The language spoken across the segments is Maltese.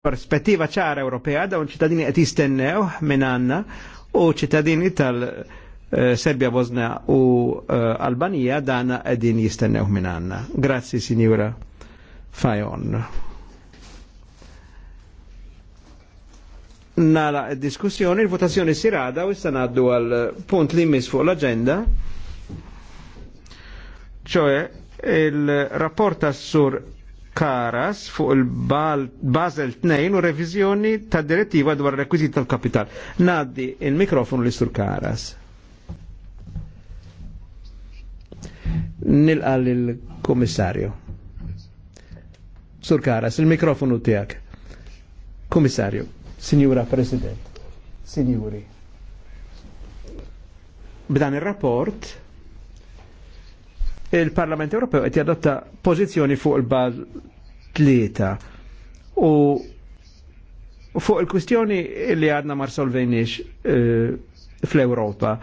perspettiva ċara Ewropea dawn ċittadini qed jistennew minn għandna u ċittadini tal-Serbja eh, Bosnia u eh, Albanija dan qegħdin jistennew minn għandna. Grazzi Sinjura Fajon. Nala diskussjoni, il-votazzjoni sirada u issa ngħaddu għal punt li mis fuq l agenda Ċoe, il rapporta sur Karas fuq il-Basel 2 u revizjoni ta' direttiva dwar rekwiziti tal-kapital. Naddi il-mikrofonu li sur Karas. Nilqal il-komissarju. Sur Karas, il-mikrofonu tijak. Komissarju, Signora President, Signori. B'dan il-rapport, il-Parlament Ewropew qed jadotta pożizzjoni fuq il-Basel tlieta. U fuq il-kwistjoni li għadna mar solvenix eh, fl-Europa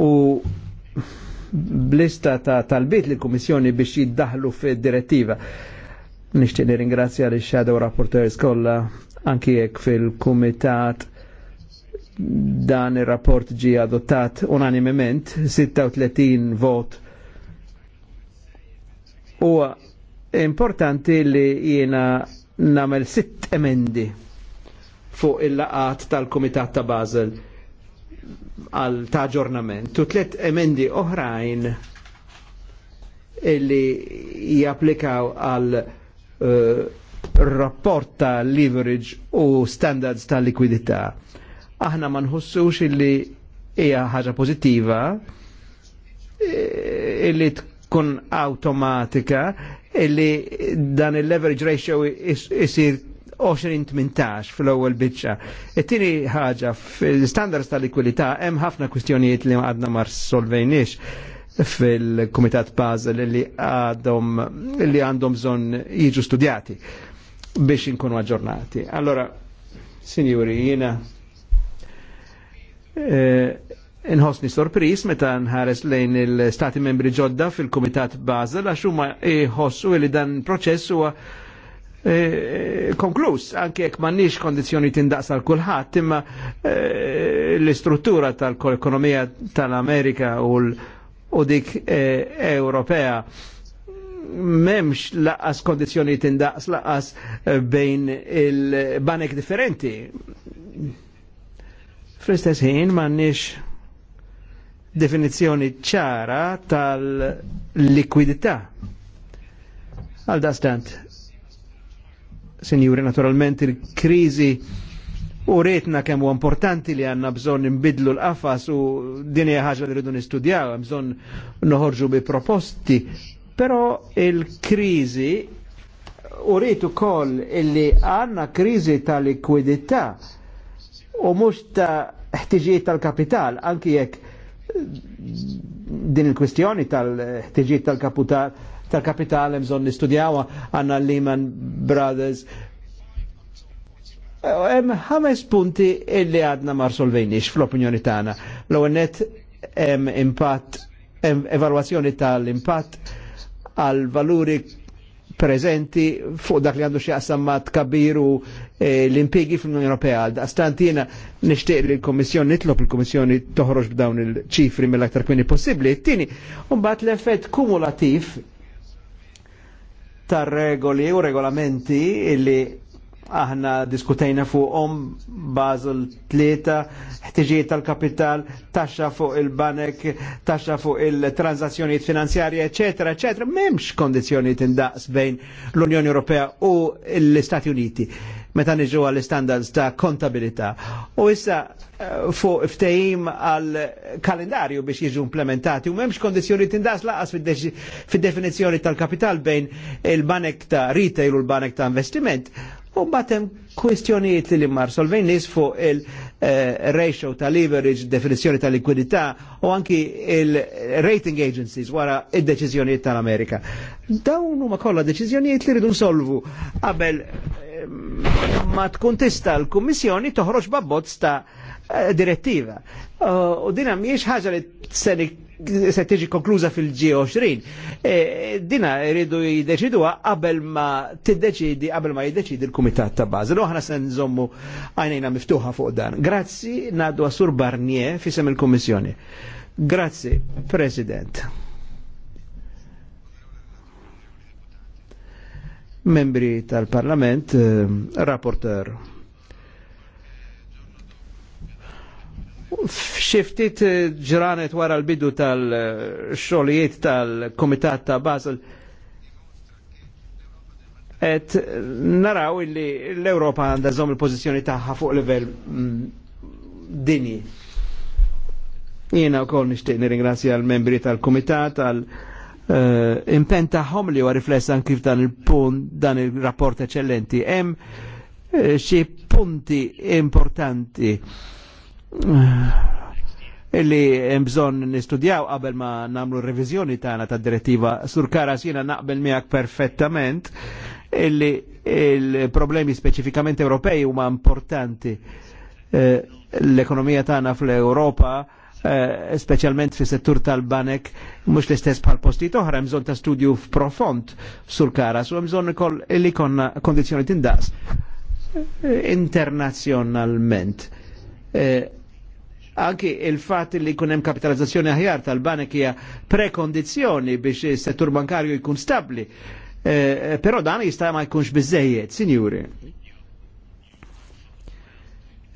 u blista ta' bit li kummissjoni biex jiddaħlu fil-direttiva. Nishtiq ringrazzja li shadow rapporteris kollha anki jekk fil-kumitat dan ir-rapport ġi adottat unanimement 36 vot huwa Importanti li jiena namel sitt emendi fuq il-laqat tal-Komitat ta' Basel għal ta' ġornament. U tliet emendi oħrajn illi japplikaw għal uh, rapport ta' leverage u standards ta' likwidità. Aħna ma nħussux illi hija ħaġa pożittiva eh, illi tkun automatika illi dan il-leverage ratio isir 20-18 fil-ewwel biċċa. It-tieni ħaġa fil-standards ta' likwidità hemm ħafna kwistjonijiet li għadna mar solvejniex fil-Kumitat Basel li għadhom li għandhom bżonn jiġu studjati biex inkunu aġġornati. Allora, signori jiena eh, Inħosni sorpris meta nħares lejn il-Stati membri ġodda fil-Kumitat Basel għax huma iħossu li dan proċess huwa eh, eh, konklus anke jekk m'għandniex kondizzjoni tindaqsa l kulħadd, imma eh, l-istruttura tal-ekonomija tal-Amerika u dik Ewropea memx laqas kondizzjoni tindaqs laqas bejn il-banek differenti. Fl-istess ħin m'għandniex definizzjoni ċara tal-likwidità. Għal dastant, senjuri, naturalment il-krizi u retna kemm importanti li għanna bżon nbidlu l-qafas u dinja ħaġa li rridu nistudjaw, bżon noħorġu bi proposti, però il-krizi u rritu kol illi għanna krizi tal-likwidità u mux ta' ħtiġijiet tal-kapital, anki jekk din il-kwistjoni tal-ħtiġiet tal-kapital tal-kapital bżonn nistudjawa għanna Lehman Brothers. Eh, hemm ħames punti illi għadna mar solvejniex fl-opinjoni tagħna. L-ewwel net hemm impatt evalwazzjoni tal-impatt għal valuri prezenti fuq dak li għandu xjaqsam ma tkabiru eh, l-impiegi fl-Unjoni Ewropea. Għastant jena nishtiq li l-Komissjoni, nitlob l-Komissjoni toħroġ b'dawn il-ċifri mill-aktar kmini possibli. Tini, unbat l-effett kumulativ tar regoli u regolamenti illi aħna diskutejna fuqhom Basel tlieta, ħtiġijiet tal-kapital, taxxa fuq il-banek, taxxa fuq il-transazzjonijiet finanzjarji, eċetera, eċetera, m'hemmx kondizzjoni t'indaqs bejn l-Unjoni Ewropea u l-Istati Uniti meta niġu għall standards ta' kontabilità. U issa eh, fuq ftehim għal kalendarju biex jiġu implementati u memx kondizjoni tindas laqas fid-definizjoni tal-kapital bejn il-banek ta' retail u l-banek ta' investiment. U batem kwistjonijiet li mar solvejn nis fuq il-ratio eh, uh, ta' leverage, definizjoni ta' likwidità u anki il-rating agencies wara il deċizjonijiet tal-Amerika. Dawn huma kollha deċizjonijiet li ridu solvu qabel eh, ma tkun tista' l-Kummissjoni toħroġ babbozz ta' eh, direttiva. U dinam jiex ħaġa li se se tiġi konkluża fil-G20. E, dina rridu jiddeċiduha qabel ma tiddeċidi, qabel ma jiddeċidi l-Kumitat ta' Bażel. Oħna se nżommu għajnejna miftuħa fuq dan. Grazzi nadu għasur Barnier fisem il-Kummissjoni. Grazzi, President. Membri tal-Parlament, eh, rapporteur F'xiftit eh, ġranet wara l-bidu tal-xogħlijiet tal-Kumitat ta' Basel et naraw illi l-Europa għandha żomm il-pożizzjoni tagħha fuq livell mm, dinji. Jiena wkoll nixtieq nirringrazzja l-membri tal-Kumitat għal eh, impen tagħhom li huwa rifless kif dan il-punt dan il-rapport eċċellenti. Hemm eh, xi punti importanti illi mbżon nistudjaw qabel ma namlu revizjoni tagħna ta' direttiva sur karas jiena naqbel miegħek perfettament illi il-problemi speċifikament Ewropej huma importanti eh, l-ekonomija tagħna fl-Ewropa Uh, eh, specialment fi settur tal-banek mux l-istess bħal postijiet oħra, mżon ta' studju f'profond sul karas u mżon illi konna kondizjoni tindaqs eh, internazzjonalment. Anki il-fat li kunem kapitalizzazzjoni aħjar tal-banek hija prekondizjoni biex is-settur bankarju jkun stabli. Eh, eh, però dan jista' ma jkunx biżejjed, sinjuri.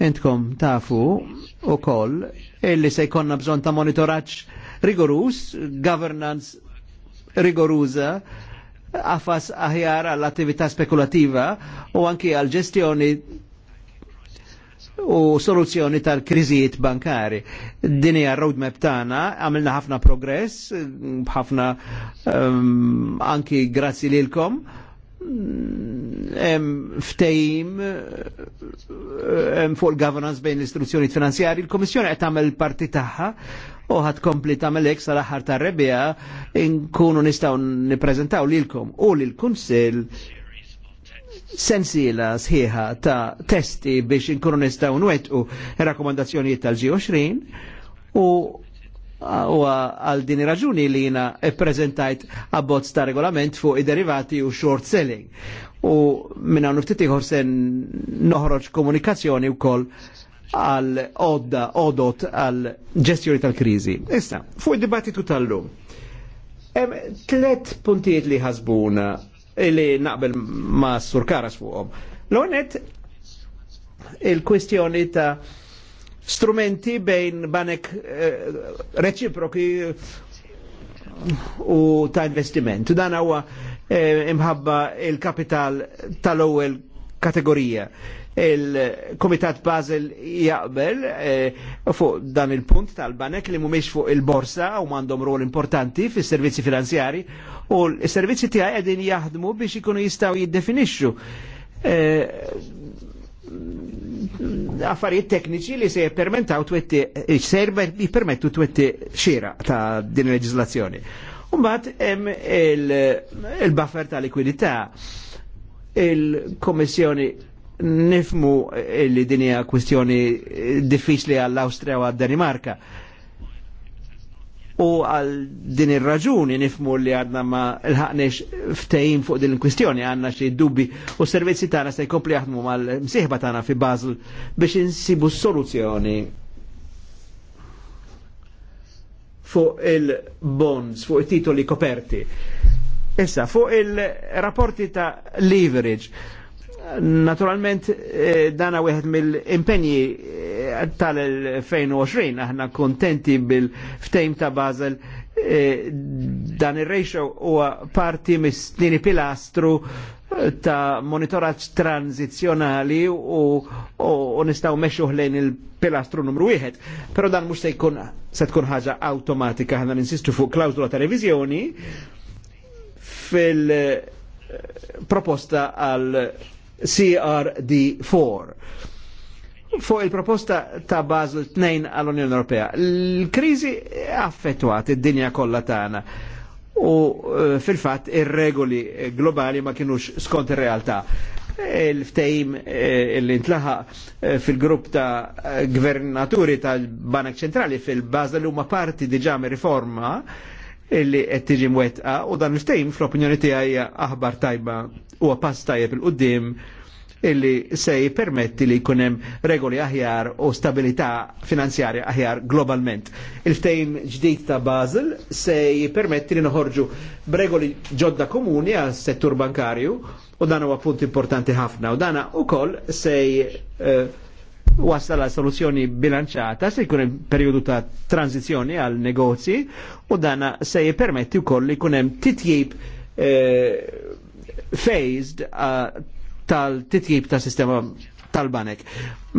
Entkom tafu u koll illi se jkonna bżon ta' monitoraċ rigorus, governance rigoruza, għafas aħjar għall-attività spekulativa u anki għal-ġestjoni u soluzzjoni tal-kriżijiet bankari. Dini hija roadmap tana. għamilna ħafna progress, ħafna um, anki grazzi lilkom Ftejim fuq il-governance bejn l-istruzzjoni finanzjari, il-Komissjoni qed tagħmel parti tagħha u ħad kompli tagħmel hekk sal-aħħar tar-rebija nkunu nistgħu nippreżentaw lilkom u lil kunsill sensiela sħiħa ta' testi biex inkunu nistgħu nwettqu rakkomandazzjonijiet tal-G20 u u għal din raġuni li jina prezentajt abbozz ta' regolament fuq i-derivati u short selling. U minna ftit ieħor sen noħroġ komunikazzjoni u koll għal odda, odot għal ġestjoni tal-krizi. Issa, fuq id-dibattitu tal-lum. Tlet puntijiet li ħasbuna li naqbel ma' surkaras Karas fuqhom. L-onet il-kwistjoni ta' strumenti bejn banek eh, reċiproki eh, u ta' investiment. Dan huwa eh, imħabba il-kapital tal-ewwel kategorija il-Komitat Basel jaqbel eh, fuq dan il-punt tal-banek li mumiex fuq il-borsa u mandom rol importanti fis servizzi finanzjari u l-servizzi tiegħi qegħdin jaħdmu biex ikunu jistgħu jiddefinixxu eh, affarijiet tekniċi li se jippermentaw twetti serber jippermettu twetti xira ta' din il-leġislazzjoni. Umbat il-buffer ta' likwidità il komissjoni nifmu li dinja kwestjoni diffiċli għall-Austria u għad-Danimarka. U għal din ir-raġuni nifmu li għadna ma l-ħaqnex ftejim fuq din il-kwistjoni għanna xi dubbi u s-servizzi tagħna se jkompli jaħdmu mal-msieħba tana fi Basel biex insibu soluzzjoni fuq il-bonds, fuq it-titoli koperti. Issa, fuq il-rapporti ta' leverage Naturalment, eh, dana wieħed mill-impenji eh, tal-2020, aħna kontenti bil-ftejm ta' Basel, eh, dan il ratio huwa parti mis-tieni pilastru ta' monitoraġġ tranzizjonali u, u, u nistaw meċuħ lejn il-pilastru numru wieħed. Pero dan mux se jkun se tkun ħaġa automatika ħana ninsistu fuq klawzula ta' revizjoni fil-proposta għal CRD4 fuq il-proposta ta' Basel 2 għall-Unjoni Ewropea. L-kriżi affettwat id-dinja kollha tagħna u eh, fil-fatt ir-regoli globali ma kienux skont ir-realtà. Il-ftejim eh, li ntlaħa eh, fil-grupp ta' gvernaturi tal-Banek Ċentrali fil-Basel huma parti diġà riforma riforma illi qed tiġi mwettqa u dan il-ftejm fl-opinjoni tiegħi aħbar tajba u pass tajjeb il-qudiem illi se jipermetti li jkun hemm regoli aħjar u stabilità finanzjarja aħjar globalment. Il-ftejm ġdid ta' Basel se jipermetti li noħorġu b'regoli ġodda komuni għal settur bankarju u dan huwa punt importanti ħafna u dana ukoll se uh, wasal għal soluzzjoni bilanċata se jkun hemm perjodu ta' tranzizzjoni għal negozji u dana se jippermetti wkoll li jkun hemm titjib eh, phased eh, tal-titjib ta' sistema tal-banek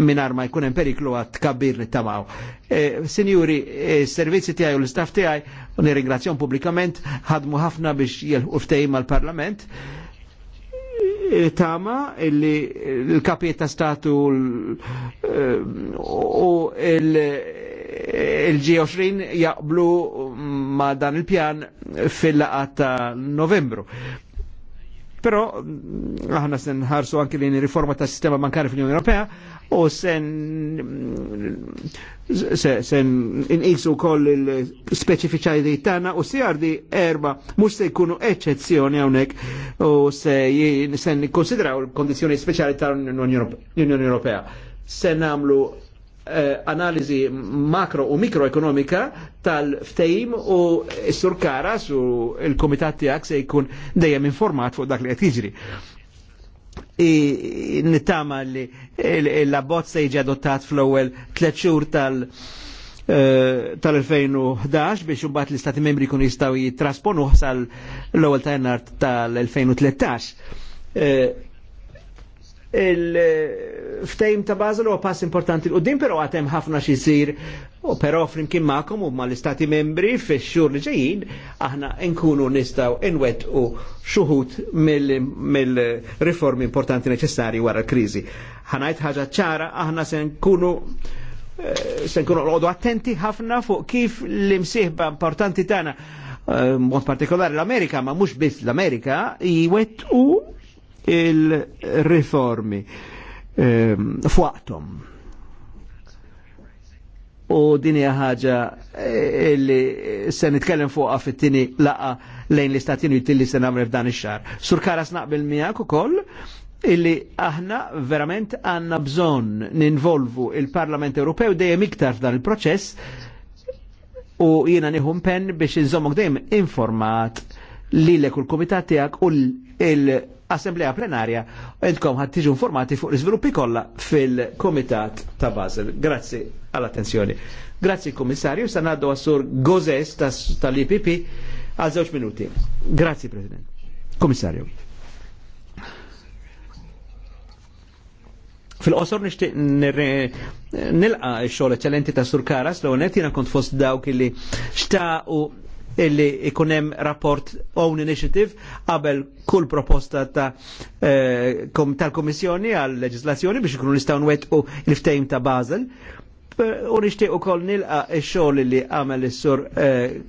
minar ma jkun hemm periklu għat tkabbir li tamaw. Eh, Sinjuri, eh, s-servizzi tiegħi u l-istaff tiegħi u pubblikament ħadmu ħafna biex jelħu ftehim mal-Parlament tama illi l-kapiet ta' statu eh, u il-G20 jaqblu ma' dan il-pjan fil-laqat ta' novembru. Però aħna se ħarsu anke li riforma tas sistema bankari fil unjoni Ewropea u sen sen inqisu koll il-speċifiċajdi tana u CRD erba mux se jkunu eccezzjoni għonek u se sen konsidraw il-kondizjoni speċjali tal-Unjoni Europea. Se namlu eh, analizi makro u mikroekonomika tal-ftejim u s-surkara su il-komitat tijak se jkun dejjem informat fuq dak li għet jiġri nittama li l-abbozz se jiġi adottat fl-ewwel tliet xhur tal- eh, tal-2011 biex imbagħad l-Istati membri kun jistgħu jitrasponu sal l-ewwel ta' jannar tal-2013. Eh, il-ftejm ta' Basel huwa pass importanti l-qudiem, però għatem ħafna xi jsir. U però flimkien magħkom u mal-istati membri fix-xhur li ġejjin aħna nkunu nistgħu u xuħut mill-riformi importanti neċessarji wara l-kriżi. Ħanajt ħaġa ċara aħna se nkunu eh, se nkunu għodu attenti ħafna fuq kif l-imsieħba importanti tagħna eh, mod partikolari l-Amerika, ma mhux biss l-Amerika, u il-riformi ehm, fuqtom. U din hija ħaġa eh, li se nitkellem fuqha fit-tieni laqa lejn l-Istati Uniti li se nagħmel f'dan ix-xahar. Sur Karas naqbel miegħek ukoll illi aħna verament għanna bżon ninvolvu il-Parlament Ewropew dejjem iktar f'dan il-proċess u jiena nieħu pen biex inżommok dejjem informat li l u l-komitat tiegħek u l assemblea plenarja u jentkom ħad tiġu informati fuq l-izviluppi kollha fil-Komitat ta' Basel. Grazzi għall-attenzjoni. Grazzi Komissarju, sa' naddu għassur Gozes tal-IPP għal żewġ minuti. Grazzi President. Komissarju. Fil-qosor nishtiq nilqa xogħol eċċellenti ta' Sur Karas l-għonet jina kont fost dawk illi xtaqu illi ikunem rapport own initiative qabel kull proposta ta' eh, tal-Komissjoni għal leġislazzjoni biex ikunu nistgħu nwettqu l iftajm ta' Basel. Eh, u nixtieq ukoll nilqa' x-xogħol li għamel is-sur eh,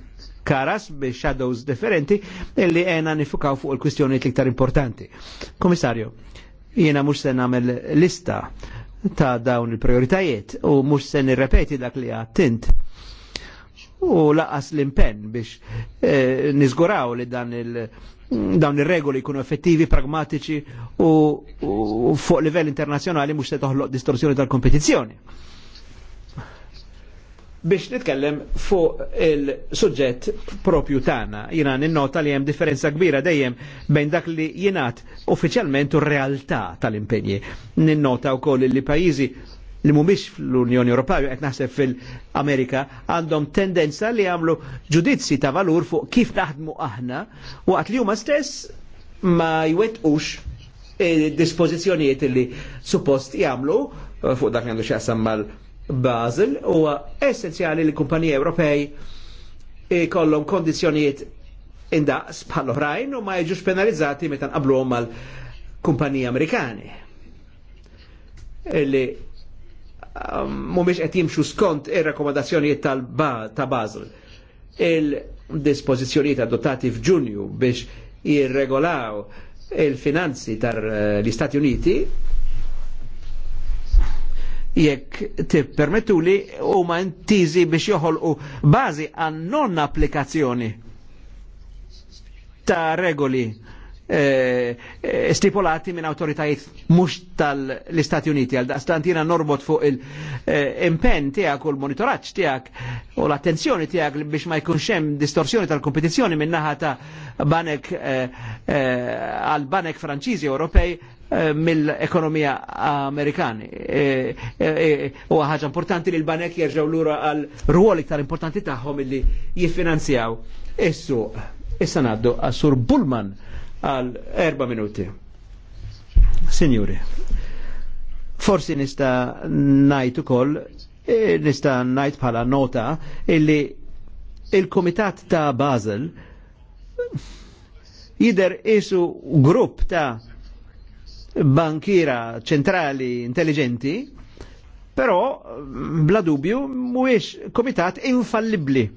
karas bi shadows differenti illi għena nifukaw fuq il-kwistjoni l-iktar importanti. Komissarju, jiena mux se għamel lista ta' dawn il-prioritajiet u mux se nirrepeti dak li għattint u laqas l-impenn biex eh, nizguraw li dan il- dawn ir-regoli jkunu effettivi, pragmatiċi u, u fuq livell internazzjonali mhux se toħloq distorsjoni tal-kompetizzjoni. Biex nitkellem fuq il-suġġett propju tagħna, jiena ninnota li hemm differenza kbira dejjem bejn dak li jingħat uffiċjalment u realtà tal-impenji. Ninnota wkoll li pajjiżi li mumiex fl-Unjoni Ewropea, qed naħseb fil-Amerika, għandhom tendenza li jagħmlu ġudizzi ta' valur fuq kif naħdmu aħna u għat li huma stess ma jwettqux e, dispożizzjonijiet li suppost jagħmlu eh, fuq dak li għandu xaqsam mal-Basel huwa essenzjali li kumpaniji Ewropej kollhom kondizjonijiet indaqs bħal oħrajn u ma jiġux penalizzati meta nqabluhom mal-kumpaniji Amerikani. Illi mumiex um, qed jimxu skont ir-rakkomandazzjonijiet ta' Basel. Il-dispożizzjonijiet adottati f'Ġunju biex jirregolaw il-finanzi tal-Istati eh, Uniti jekk tippermettu li huma intiżi biex joħolqu bażi għan non applikazzjoni ta' regoli Eh, eh, stipulati minn autoritajiet mux tal-Istati Uniti għal daqstantina norbot fuq il-impen eh, tijak u l-monitoraċ tijak u l-attenzjoni tijak biex ma jkunx hemm distorsjoni tal-kompetizjoni minn naħa ta' banek għal banek franċiżi Ewropej mill-ekonomija amerikani. U ħaġa importanti li l-banek jerġaw lura għal ruol iktar importanti tagħhom illi jiffinanzjaw. Issu, issa naddu għas-sur Bullman għal erba minuti. Signori, forsi nista najt u koll, e, nista najt pala nota illi il-Komitat ta' Basel jider isu grupp ta' bankira ċentrali intelligenti, però bla dubju mhuwiex komitat infallibli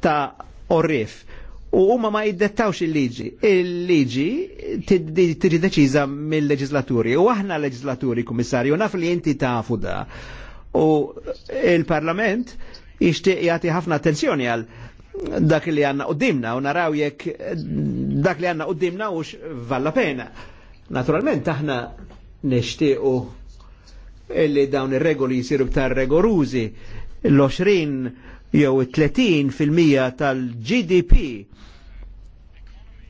ta' orrif u huma ma jiddettawx il-liġi. Il-liġi tiġi deċiża mill-leġislaturi u aħna leġislaturi, kummissarju, naf li inti tafu da. U il-Parlament jixtieq jagħti ħafna attenzjoni għal dak li għanna qoddimna u naraw jekk dak li għanna qoddimna ux valla pena. Naturalment aħna nixtiequ illi dawn ir-regoli jisiru btar regorużi l-20 jew 30% tal-GDP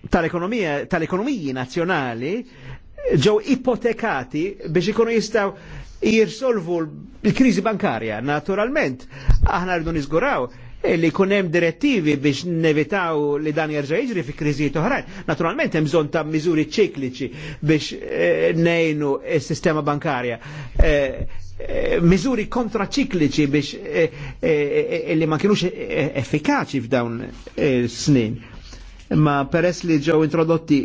tal-ekonomija tal-ekonomiji nazzjonali ġew ipotekati biex ikunu jistaw jirsolvu l-kriżi bankarja. Naturalment, aħna rridu niżguraw li hemm direttivi biex nevitaw li dan jerġa' jiġri fi kriżijiet oħrajn. Naturalment hemm bżonn ta' miżuri ċikliċi biex eh, nejnu s-sistema bankarja. Eh, Eh, miżuri kontraċikliċi biex e, li ma kienux effikaċi f'dawn snin. Ma peress li ġew introdotti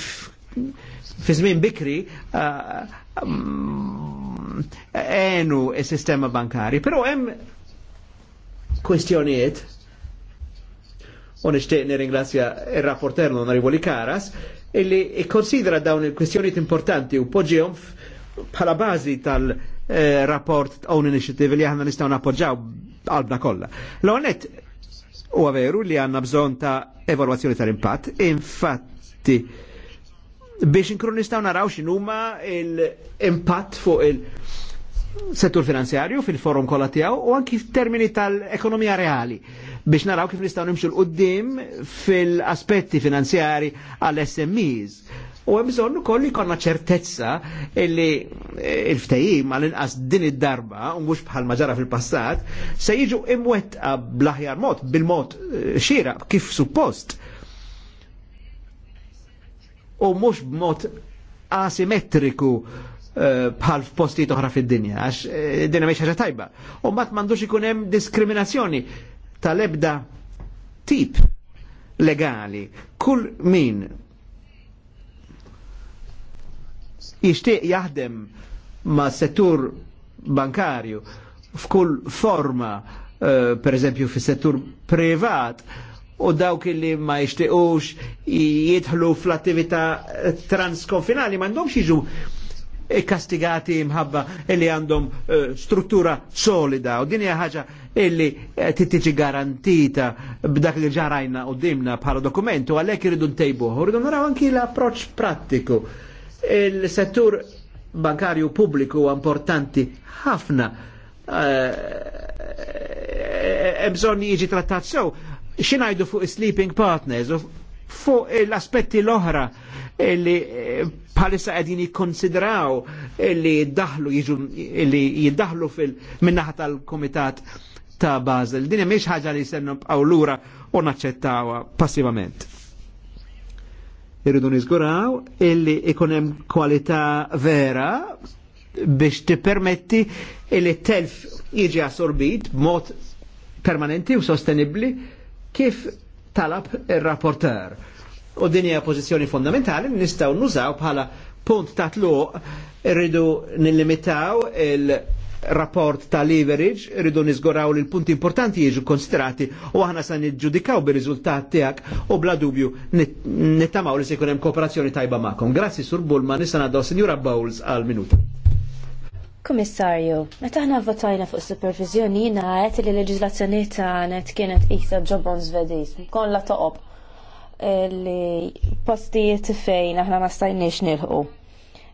fi żmien bikri għenu mm, s-sistema bankari, però hemm kwestjonijiet u nixtieq nirringrazzja ir-rapporter l-Onorevoli Karas illi ikkonsidra dawn il-kwestjonijiet importanti u poġġihom bħala bażi tal-rapport eh, Own Initiative li għanna nistgħu nappoġġaw għalbna kollha. L-għonet u veru li għanna bżon ta' evalwazzjoni tal-impatt, infatti biex inkunu nistaw naraw x'inhuma l-impatt fuq il- settur finanzjarju fil-forum kolla tijaw u anki f'termini tal-ekonomija reali biex naraw kif nistgħu nimxu l qoddim fil-aspetti finanzjari għall smes u hemm bżonn ukoll jkollna ċertezza illi eh, il-ftehim għal inqas din id-darba u mhux bħal ma ġara fil-passat se jiġu imwettqa bl-aħjar mod bil-mod eh, xira kif suppost u mhux b'mod asimetriku eh, bħal f'postijiet oħra fid-dinja, għax dinja mhix ħaġa tajba. U mbagħad m'għandux ikun hemm diskriminazzjoni tal-ebda tip legali. Kull min jishtiq jaħdem ma' settur bankarju f'kull forma, eh, per eżempju fi settur privat, u dawk li ma jishtiqux jidħlu fl-attività transkonfinali għandhomx jiġu kastigati mħabba illi għandhom eh, struttura solida u dinja hija ħaġa illi eh, titiġi garantita b'dak li ġarajna u dimna bħala dokumentu għalhekk iridu ntejbuh u rridu naraw anki l-approċċ prattiku Il-settur bankarju pubbliku importanti ħafna eh, bżonn jiġi trattat sew. Xinajdu fuq sleeping partners u fuq l-aspetti l-oħra li eh, bħalissa qegħdin jikkonsidraw li jiddaħlu jiġu li jiddaħlu fil minnaħa tal-Kumitat ta' Basel. Din mhix ħaġa li se nibqgħu lura u naċċettawha passivament. Irridu nizguraw illi ikunem kualità vera biex tippermetti illi telf iġi assorbit b'mod permanenti u sostenibli kif talab il-rapporter. U din hija pożizzjoni fondamentali nistgħu nużaw bħala punt ta' tluq irridu nillimitaw il- rapport ta' leverage, rridu nizgoraw li l-punti importanti jiġu konsiderati u aħna sa' nġudikaw bir-riżultat tiegħek u bla dubju nittamaw li se jkun hemm kooperazzjoni tajba ma'kom. Grazzi Sur Bullman, nista' nagħdu Sinjura Bowles għal minuta. Komissarju, meta aħna votajna fuq supervizjoni jiena għedt li leġizlazzjoni tagħna kienet qisha ġobon Svediż, kollha toqob eh, li postijiet fejn aħna ma stajniex nilħu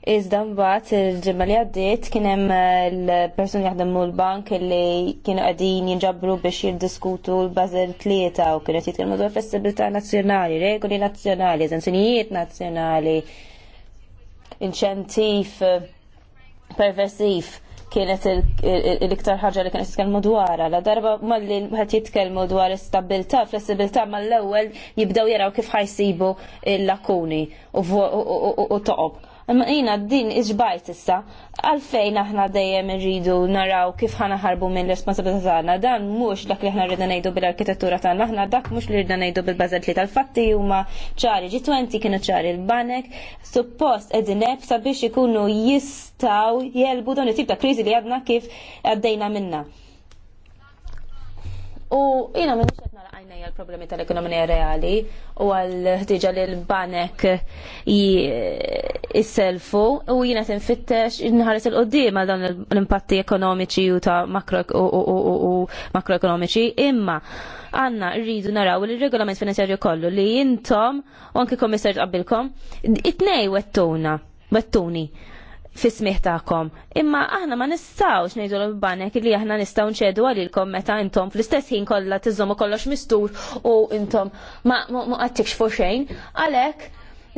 Iżda mbagħad il-ġimgħa li għaddiet kien hemm eh, l-persuni jaħdmu l-bank li kienu qegħdin jinġabru biex jiddiskutu l-bażel tlieta u kienet jitkellmu dwar flessibilità nazzjonali, regoli nazzjonali, eżenzjonijiet nazzjonali, inċentiv perversiv kienet l-iktar ħaġa li kienet jitkellmu dwar, la darba malli qed jitkellmu dwar istabilità, flessibilità mal-ewwel jibdew jaraw kif ħajsibu l-lakuni u toqob. Imma din iġbajt issa, għalfejn aħna dejjem irridu naraw kif ħana ħarbu minn responsabilità tagħna. Dan mhux dak li aħna rridna ngħidu bil-arkitettura tagħna, aħna dak mhux li rridna ngħidu bil-bażet li tal-fatti huma ċari G20 kienu ċari l-banek, suppost qegħdin hekk sabiex ikunu jistgħu jelbu dawn it-tip ta' kriżi li għadna kif għaddejna minna. U jiena minn għajnejja l-problemi tal-ekonomija reali u għal-ħtiġa li l-banek jisselfu u jina tinfittex nħares il-qoddim għal dan l-impatti ekonomiċi u ta' makroekonomiċi imma għanna rridu naraw li regolament finanzjarju kollu li jintom u anki komissar tqabbilkom it-nej wettuna wettuni fi smih tagħkom. Imma aħna ma nistgħux nejdu l-banek li aħna nistgħu nċedu għalilkom meta intom fl-istess ħin kollha tiżommu kollox mistur u intom ma muqattikx fuq xejn. Għalhekk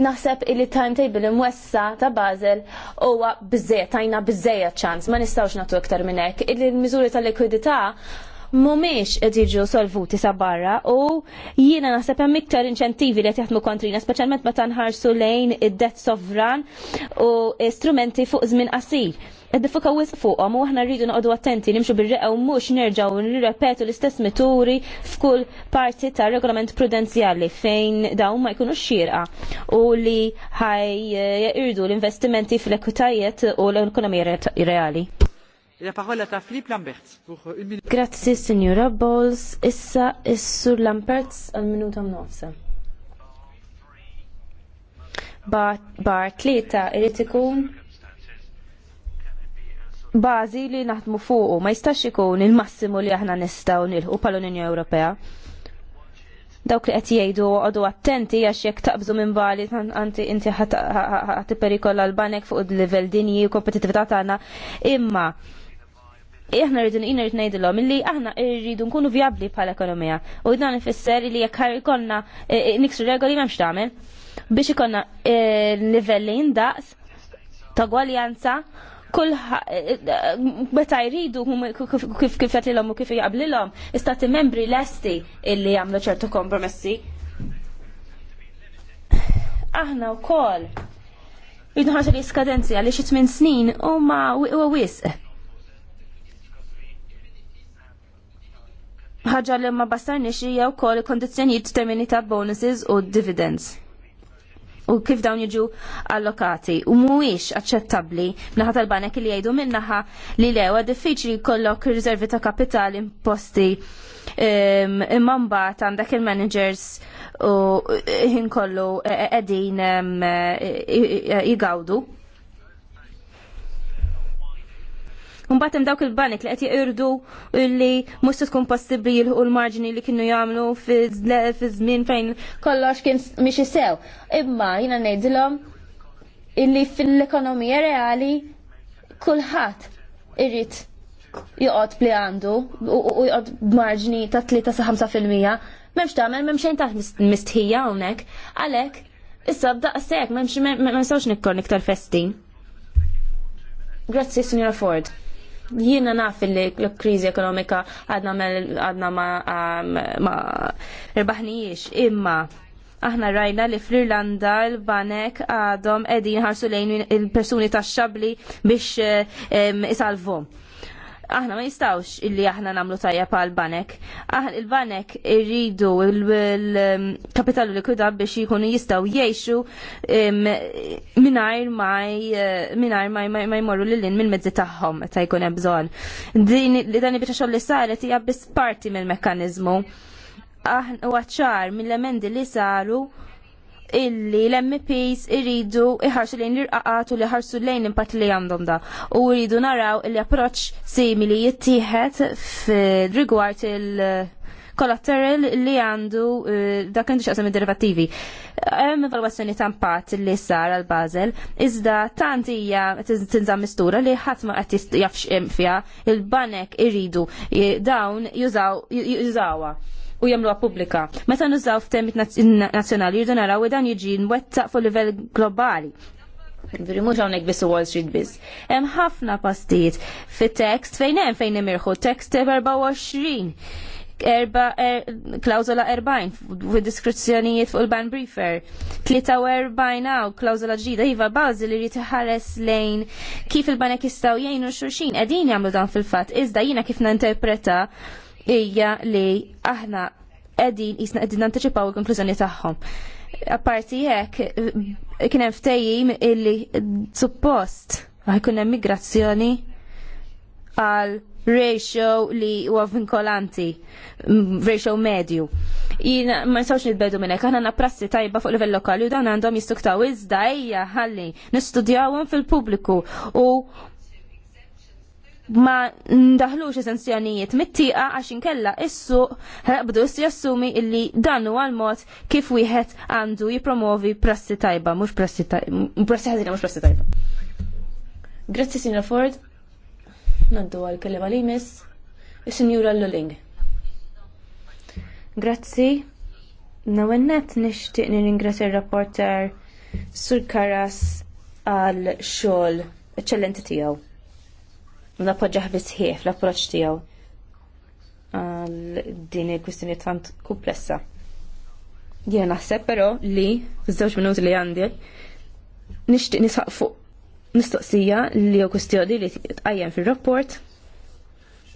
naħseb li timetable imwessa ta' Basel huwa biżejjed tajna biżejjed ċans ma nistgħux nagħtu iktar minn hekk. Il-miżuri tal-likwidità mumiex qed jiġu solvuti sa barra u jiena naħseb hemm iktar inċentivi li qed jaħdmu kontrina, speċjalment meta nħarsu lejn id-debt sovran u strumenti fuq żmien qasir. Id-difuka wisq fuqhom u aħna rridu noqogħdu attenti nimxu bir-reqa u mhux nerġgħu nirrepetu l-istess mituri f'kull parti ta' regolament prudenzjali fejn dawn ma jkunux xierqa u li ħaj eh, irdu l-investimenti fl-ekutajiet u l-ekonomija reali. La parola ta' Filip Lamberts. Euh, Grazzi, signora Bowles. Issa, is-sur Lamberts għal-minuta mnofsa. Bar tlieta irid ikun bażi li naħdmu fuqu ma jistax ikun il-massimu li aħna nistgħu nilħu pal-Unjoni Ewropea. Dawk li qed jgħidu għadu attenti għax jekk taqbżu minn bali anti inti ħat perikolla l-banek fuq il-livell dinji u kompetitività tagħna imma Eh, aħna rridu jina rrid ngħidilhom illi aħna rridu nkunu vjabbli bħala ekonomija. U dan ifisser li jekk ikollna eh, eh, niksu regoli m'hemmx tagħmel biex ikonna livelli jindaqs ta' gwaljanza kull meta jridu kif kif jagħtilhom u kif jaqblilhom istati membri lesti illi jagħmlu ċertu kompromessi. Aħna wkoll jidħu ħaġa li skadenzi għaliex 8 snin huma wisq ħaġa li ma bastarniex jew kol kondizzjonijiet termini ta' bonuses u dividends u kif dawn jiġu allokati u mhuwiex aċċettabbli naħa tal-banek li jgħidu minnaħa li lewa diffiċli jkollok riservi ta' kapital imposti imma mbagħad għandek il-managers u ħin kollu qegħdin jigawdu. Mbagħad hemm dawk il-banek li qed jirdu li mhux tkun possibbli jilħu l-marġini li kienu jagħmlu fi żmien fejn kollox kien mhix isew. Imma jiena ngħidilhom illi fil-ekonomija reali kulħadd irid joqgħod bli għandu u jqod b'marġni ta' 3 sa 5 Memx tagħmel memx xejn taħt mistħija hawnhekk, għalhekk issa b'daqshekk memx ma nistgħux nikkor niktar festi. Grazzi, Signora Ford. Jiena naf li l-kriżi ekonomika għadna ma rbaħnijiex imma aħna rajna li fl-Irlanda l-banek għadhom edin ħarsu lejn il-persuni tax-xabli biex eh, isalvom aħna ma nistawx illi aħna namlu tajja pal banek. Aħna il-banek irridu il-kapitalu um, likwida biex jikunu jistaw jiexu um, minnajr uh, ma jmorru l-lin minn mezzi taħħom ta' jkun ebżon. Din li dan biex xoll li saret hija biss parti mill-mekkanizmu. Aħna u għacċar mill-emendi li saru illi l-MPs iridu iħarsu lejn l-irqaqat u li ħarsu lejn impatt li għandhom da. U rridu naraw illi approċ simili jittieħed f'rigward il- kollateral li għandu eh, dak għandu xaqsam derivativi. Hemm evalwazzjoni ta' impatt li sar għal bazel iżda tant hija tinżam mistura li ħadd ma qed jafx imfja il-banek iridu eh, dawn jużawha u jagħmluha pubblika. Meta nużaw f'temmit nazzjonali jridu naraw dan jiġi nwettaq fuq livell globali. Veri mux għonek bisu Wall Street biz. Hemm ħafna pastijiet fit tekst fejn hemm fejn imirħu tekst 24 erba er-, klawzola 40 fuq diskrizzjonijiet fuq il-ban briefer 43 għaw klausola ġdida iva bażi li jrid iħares lejn kif il-banek jistgħu jgħinu xulxin qegħdin jagħmlu dan fil-fatt iżda jiena kif ninterpreta interpreta hija li aħna qegħdin jisna qegħdin anticipaw il-konklużjoni tagħhom. Apparti hekk kien hemm ftehim illi suppost jkun hemm migrazzjoni għal ratio li huwa vinkolanti, ratio medju. Jina ma nistgħux nitbedu minnek, aħna naprassi tajba fuq livell lokali u dan għandhom jistuktaw iżda hija ħalli nistudjawhom fil-pubbliku u ma ndaħlux esenzjonijiet mit-tieqa għax inkella issu ħabdu jassumi illi dan huwa l-mod kif wieħed għandu jipromovi prassi tajba, mux prassi tajba, prassi ħażina mhux prassi tajba. Grazzi Sinra Ford, naddu għal kelle għal imis, is-Sinjura Lulling. Grazzi, nawennet nixtieq nirringrazzja il rapporter Sur Karas għal xogħol eċċellenti tiegħu napoġġaħ bisħieħ fl-approċ tiegħu għal din il-kwistjoni tant komplessa. Jiena naħseb però li fiż-żewġ minuti li għandi nixtieq nisaq fuq mistoqsija li hu kwistjoni li tqajjem fir-rapport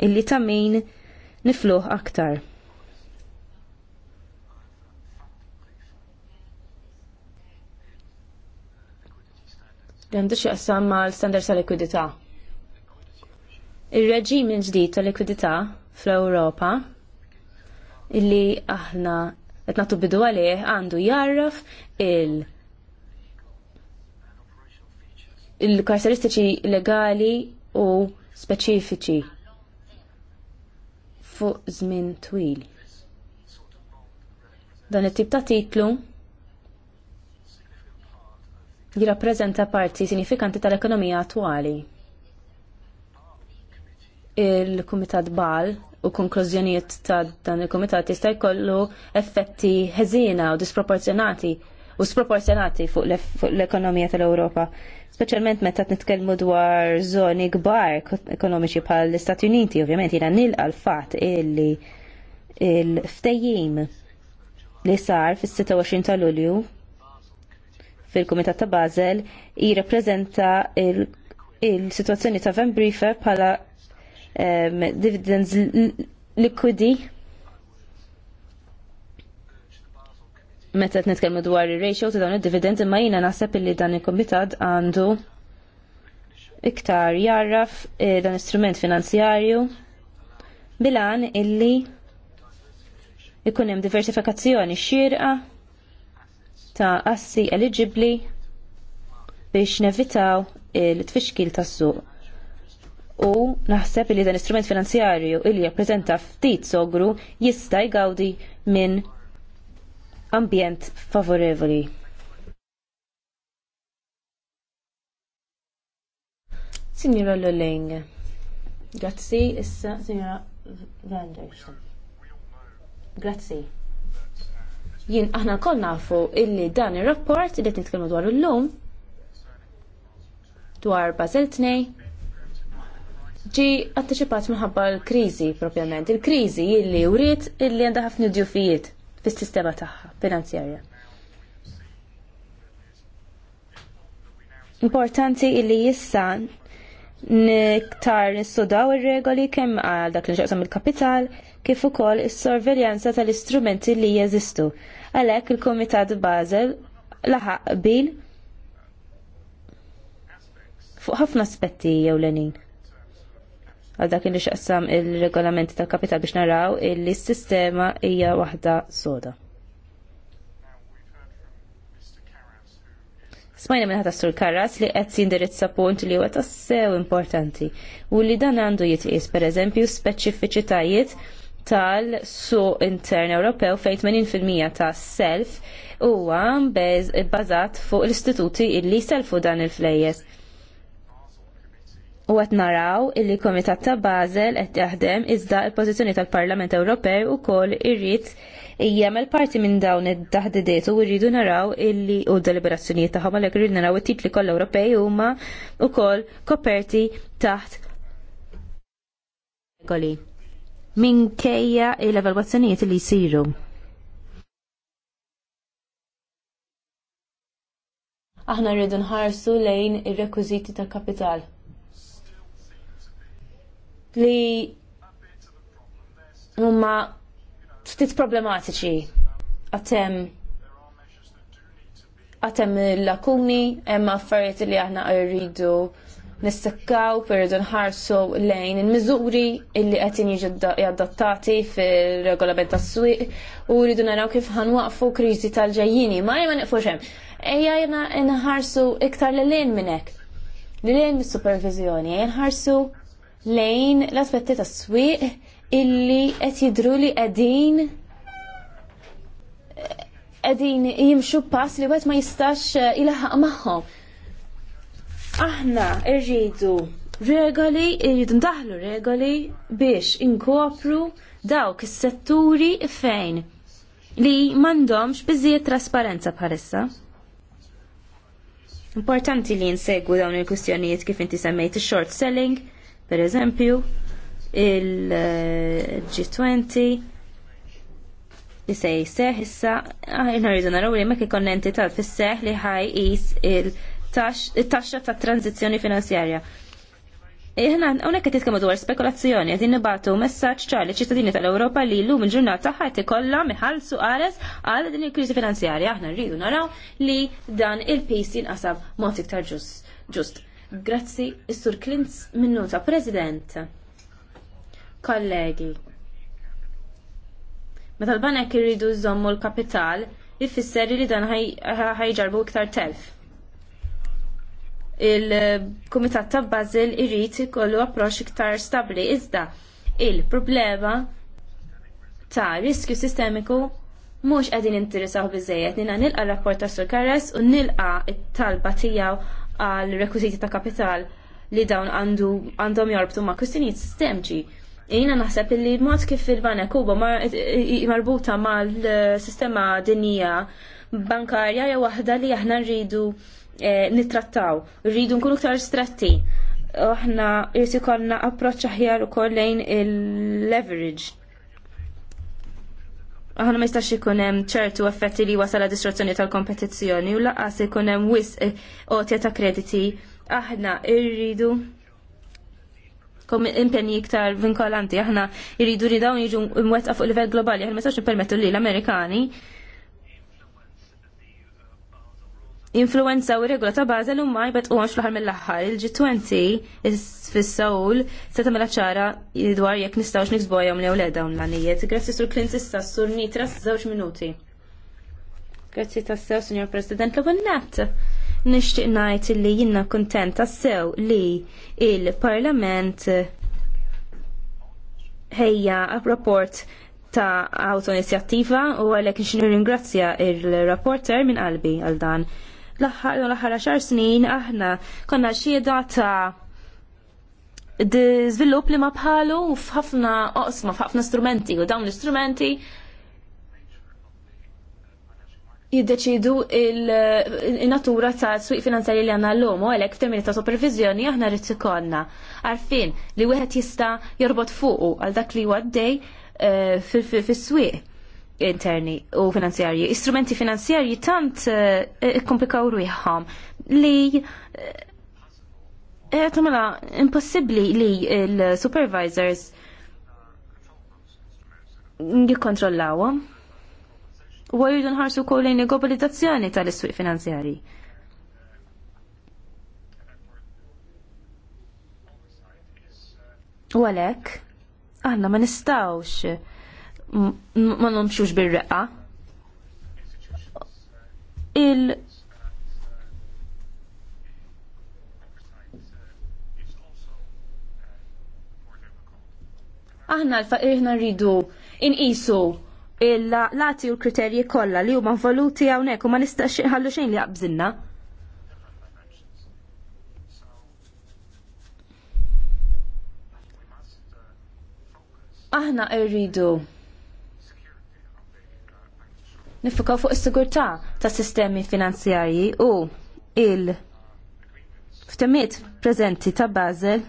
illi ta' min nifluh aktar. Għandu xieqsam ma' l-standards tal-likwidità. Il-reġim ġdid ta' likwidità fl-Ewropa illi aħna qed nagħtu bidu għalih għandu jarraf il- il-karakteristiċi legali u speċifiċi fuq żmien twil. Dan it-tip ta' titlu jirrappreżenta parti sinifikanti tal-ekonomija attwali il-Kumitat Bal u konklużjonijiet ta' dan il-Kumitat jista' jkollu effetti ħeżina u disproporzjonati u sproporzjonati fuq l-ekonomija tal-Ewropa. Speċjalment meta nitkellmu dwar żoni kbar ekonomiċi bħal l-Istati Uniti, ovvjament jiena nilqa l-fatt illi il-ftejjim li sar fis-26 ta' Lulju fil-Kumitat ta' Basel jirrappreżenta il-sitwazzjoni ta' Van Briefer bħala Um, dividends liquidi. meta qed nitkellmu dwar ir-ratio ta' dawn id-dividend imma jiena naħseb illi dan il-kumitat għandu iktar jarraf eh, dan istrument finanzjarju bilan illi ikun hemm diversifikazzjoni x-xirqa ta' assi eligibbli biex nevitaw il-tfixkil tas-suq u naħseb li dan istrument finanzjarju illi jappreżenta ftit sogru jista' jgawdi minn ambjent favorevoli. Signora Lulling, grazzi issa signora Vanderson. Grazzi. Jien aħna kol nafu illi dan ir-rapport li qed nitkellmu dwar l-lum dwar Basel 2 ġi għatteċipat minħabba l-krizi propjament. Il-krizi illi uriet illi għandha ħafna djufijiet fis-sistema tagħha finanzjarja. Importanti illi jissan niktar nistudaw ir-regoli kemm għal dak li ġaqsam il-kapital kif ukoll is-sorveljanza tal-istrumenti li jeżistu. Għalhekk il-Kumitat Basel laħaq bil fuq ħafna aspetti lenin għal dak li xaqsam il-regolamenti tal-kapital biex naraw il s-sistema hija waħda soda. Smajna minn ħata sur Karras li qed sindirizza punt li huwa tassew importanti u li dan għandu jitqies pereżempju speċifiċitajiet tal-suq intern Ewropew fejn 80% tas-self huwa bazat fuq l-istituti illi selfu dan il-flejjes. U għet naraw illi komitat ta' Basel qed jaħdem iżda l-pożizzjoni tal-Parlament Ewropew irrit irrid il parti minn dawn id-daħdidiet u rridu naraw illi u deliberazzjonijiet tagħhom għalhekk irridu naraw it-titli kollha Ewropej huma kol koperti taħt regoli minkejja l-evalwazzjonijiet li jsiru. Aħna rridu nħarsu lejn ir-rekwiżiti tal-kapital li huma ftit problematiċi għatem għatem lakuni hemm affarijiet li aħna rridu nistakkaw periodu nħarsu lejn il-miżuri illi qed jiġu adattati fir-regolament tas-swieq u rridu naraw kif ħanwaqfu kriżi tal-ġejjini ma ma niqfux hemm. Ejja jiena nħarsu iktar l lejn minn hekk. L lejn mis-supervizjoni, jien nħarsu lejn l-aspetti ta' swieq illi qed jidru li qegħdin qegħdin jimxu pass li wieħed ma jistax eh, ilaħaq magħhom. Aħna rridu regoli, rridu ndaħlu regoli biex inkopru dawk is-setturi fejn li mandomx biżiet trasparenza bħalissa. Importanti li nsegwu dawn il-kustjonijiet kif inti semmejt il-short selling, per eżempju, il-G20, jisej seħ issa, aħna ah, rridu naraw li mekk ikon entità fis-seħ li ħaj is il-taxxa ta' tranzizjoni finanzjarja. Iħna eh, hawnhekk qed jitkellmu dwar spekulazzjoni qed nibatu messaġġ ċarli ċittadini tal-Ewropa li llum il-ġurnata ħadd ikollha miħallsu qares għal din il-kriżi finanzjarja. Aħna rridu naraw li dan il pisin jinqasab mod iktar ġust. Grazzi, sur Klintz minnuta. President, kollegi, meta l-banek irridu zommu l-kapital, jifisser li dan ħajġarbu iktar telf. Il-Kumitat ta' Bazil irrid ikollu approċċ iktar stabbli iżda il-problema ta' riskju sistemiku mhux qegħdin interessaw biżejjed nilqa' nilqa' rapport ta' Sur Karres u nilqa' it-talba tiegħu għal rekwiziti ta' kapital li dawn għandu għandhom jorbtu ma' kustinijiet sistemċi. Jina naħseb li mod kif il-banek Kuba marbuta ma' l-sistema dinija bankarja jew waħda li aħna rridu eh, nittrattaw, rridu nkunu ktar stretti. Aħna irsi konna approċċa aħjar ukoll lejn il-leverage aħna ma jistax ikun hemm ċertu effetti li wasala distruzzjoni tal-kompetizzjoni u laqas ikun hemm wisq qotja eh, ta' krediti aħna irridu impenji iktar vinkolanti aħna irridu li dawn jiġu mwetqa fuq livell globali aħna ma jistax nippermettu li l-Amerikani influenza u regola ta' Basel u maj jibet u għanx fl-ħar mill-axħar. Il-G20 fil-Soul se tamela ċara dwar jek nistawx niksbojom li għoled dawn l-għanijiet. Grazzi sur Clint issa sur Nitra żewġ minuti. Grazzi ta' sew, Signor President, l-għan nat. Nishtiq najt li jinnna kontent ta' sew li il-Parlament ħejja rapport ta' inizjattiva u għalek nxinu ringrazzja il-rapporter minn qalbi għal dan l-aħħar xar snin aħna konna xieda ta' żvilupp li ma bħalu f'ħafna oqsma, f'ħafna strumenti u dawn l-istrumenti jiddeċidu il-natura ta' s-swiq finanzjali li għanna l-lum u għalek f'termini ta' supervizjoni aħna rrit konna Għarfin li wieħed jista' jorbot fuqu għal dak li għaddej eh, fis-swiq interni u finanzjarji. Istrumenti finanzjarji tant eh, ikkomplikaw rwiħħam li Għetamela, eh, eh, impossibli li il-supervisors jikontrollawa. U għajdu nħarsu kol lejn globalizzazzjoni tal istwik finanzjari. U għalek, għanna ma nistawx ma nomxux bil reqqa Il aħna l fa ħna rridu inqisu il-lati u l-kriterji kollha li huma valuti hawnhekk u ma nistax ħallu xejn li għabżinna. Aħna rridu nifukaw fuq is-sigurtà tas sistemi finanzjarji u il ftemiet preżenti ta' Basel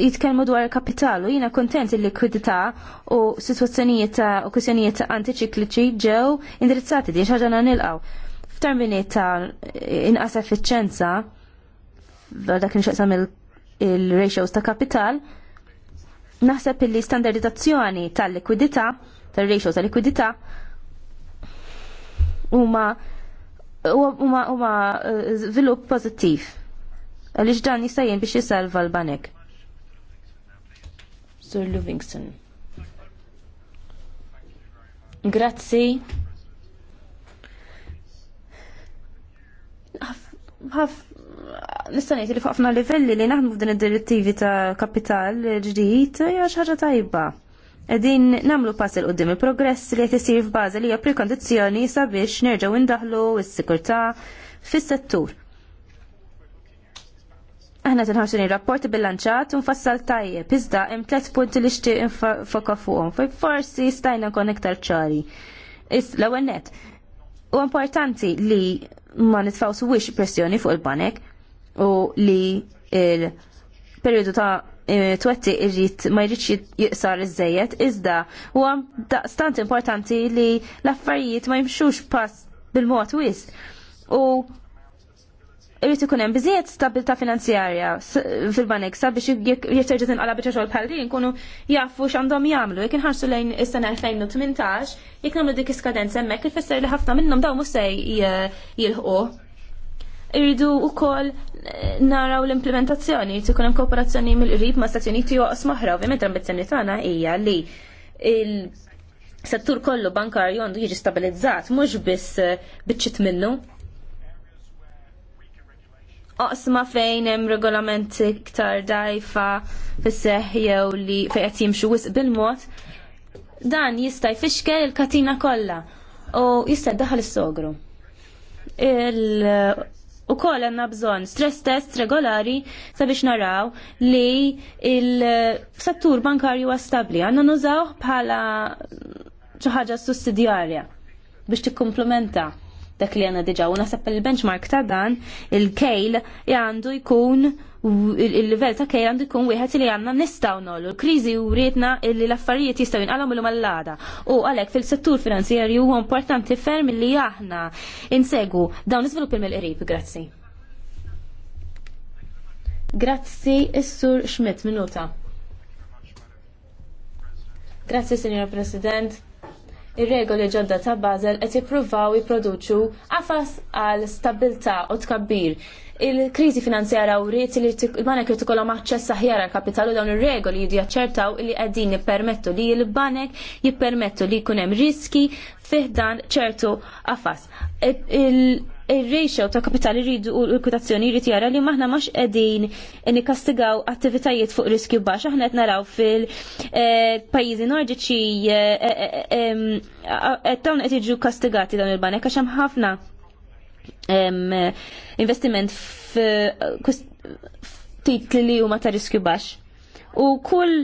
jitkellmu dwar il-kapitalu, jiena kontent il-likwidità u s-sitwazzjonijiet ta' u kwistjonijiet antiċikliċi ġew indirizzati di ħaġa nilqgħu. F'termini ta' inqas effiċenza, dak nxaqsam il-ratios ta' kapital, naħseb illi standardizzazzjoni tal-likwidità, tal-ratio tal-likwidità, huma huma huma żvilupp eh, pożittiv. Għaliex dan jistajjen biex jisalva l-banek. Sir Livingston. Grazzi. Ħaf nista' ngħid li f'ħafna livelli li naħdmu f'din id-direttivi ta' kapital ġdid hija xi ħaġa tajba. Qegħdin nagħmlu pass il qudiem il-progress li qed isir f'bażi li hija prekondizzjoni sabiex nerġgħu indaħlu s-sikurtà fis-settur. Aħna tinħarsu li rapporti bilanċat u nfassal tajjeb, iżda hemm tliet punti li xtieq infoka fuqhom, fejn forsi stajna nkun iktar ċari. L-ewwel net, u importanti li ma nitfawsu wix pressjoni fuq il-banek, u li il-periodu ta' e, twetti irrit ma jridx jiqsar iż iżda huwa daqstant importanti li l-affarijiet ma jimxux pass bil-mod wis. U irrit ikun hemm biżejjed stabilità finanzjarja fil-banek sabiex jitterġa' tinqala biex xogħol bħal din kunu jafu x'għandhom jagħmlu. Jekk inħarsu lejn is-sena 2018, jekk nagħmlu dik iskadenza hemmhekk ifisser li ħafna minnhom dawn mhux se jilħqu irridu wkoll eh, naraw l-implementazzjoni, irridu jkun hemm kooperazzjoni mill-qrib ma' Stati Uniti u oqsmaħra, ovvjament l-ambizzjoni tagħna hija li il-settur kollu bankarju għandu jiġi stabilizzat, mhux biss eh, biċċit minnu. Oqsma fejn hemm regolamenti iktar dajfa fis-seħħ jew li fejn qed jimxu wisq bil-mod, dan jista' jfixke l-katina kollha u jista' jdaħħal is-sogru. U kol għanna bżon stress test regolari sabiex naraw li il-settur bankarju għastabli. Għanna nużaw bħala ċaħġa sussidjarja biex t-komplementa dak li għanna diġa. U nasab il-benchmark ta' dan il-kejl għandu jkun u il-level ta' kej għandu kun wieħed li għandna nistgħu nollu. L-kriżi u rietna li l-affarijiet jistgħu jinqalhom illum għall U għalhekk fil-settur finanzjeri huwa importanti ferm li aħna insegu dawn iżviluppi mill-qrib, grazzi. Grazzi is-Sur Schmidt minuta. Grazzi, Signor President ir-regoli ġodda ta' Basel qed jippruvaw jipproduċu qafas għal stabilità u tkabbir. Il-kriżi finanzjara u rrit li l-banek li tkollhom aċċess aħjar għal kapitalu dawn ir-regoli jiġu jaċċertaw li qegħdin jippermettu li l-banek jippermettu li jkun hemm riski fih dan ċertu qafas il-ratio ta' kapitali rridu u l-kutazzjoni jrid jara li maħna mhux qegħdin nikkastigaw attivitajiet fuq riskju baxx. Aħna qed naraw fil-pajjiżi eh, nordiċi eh, eh, dawn qed jiġu kastigati dawn il-banek għax hemm ħafna investiment f'titli li huma ta' riskju baxx. U kull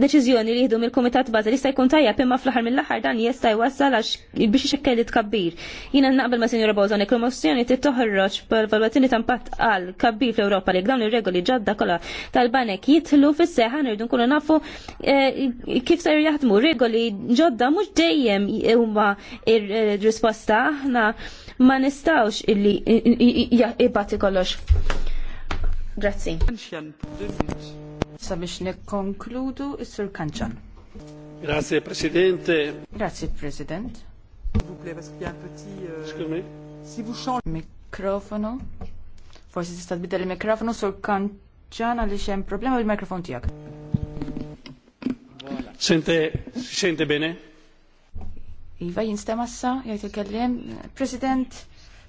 deċiżjoni li jihdu mill komitat Baza li jkun tajjeb imma fl-aħħar mill-aħħar dan jista' jwassal għax biex ixekkel tkabbir. Jiena naqbel ma' Sinjura Bozon, il-promozzjoni trid toħroġ b'valwazzjoni ta' impatt għal kabbir fl-Ewropa li dawn ir-regoli ġodda kolla tal-banek jidħlu fis-seħħa nirdu nkunu nafu kif ser jaħdmu regoli ġodda mhux dejjem huma r-risposta aħna ma nistgħux illi ibati kollox. Grazzi. Sabiex nikkonkludu is-Sur Kanċan. Grazie Presidente. Grazie President. Mikrofono. Forsi tista' tbidel il-mikrofono sur kanċan għaliex hemm problema bil-mikrofon tiegħek. Sente, sente bene? Iva jinstema issa, jgħid il-kellem. President,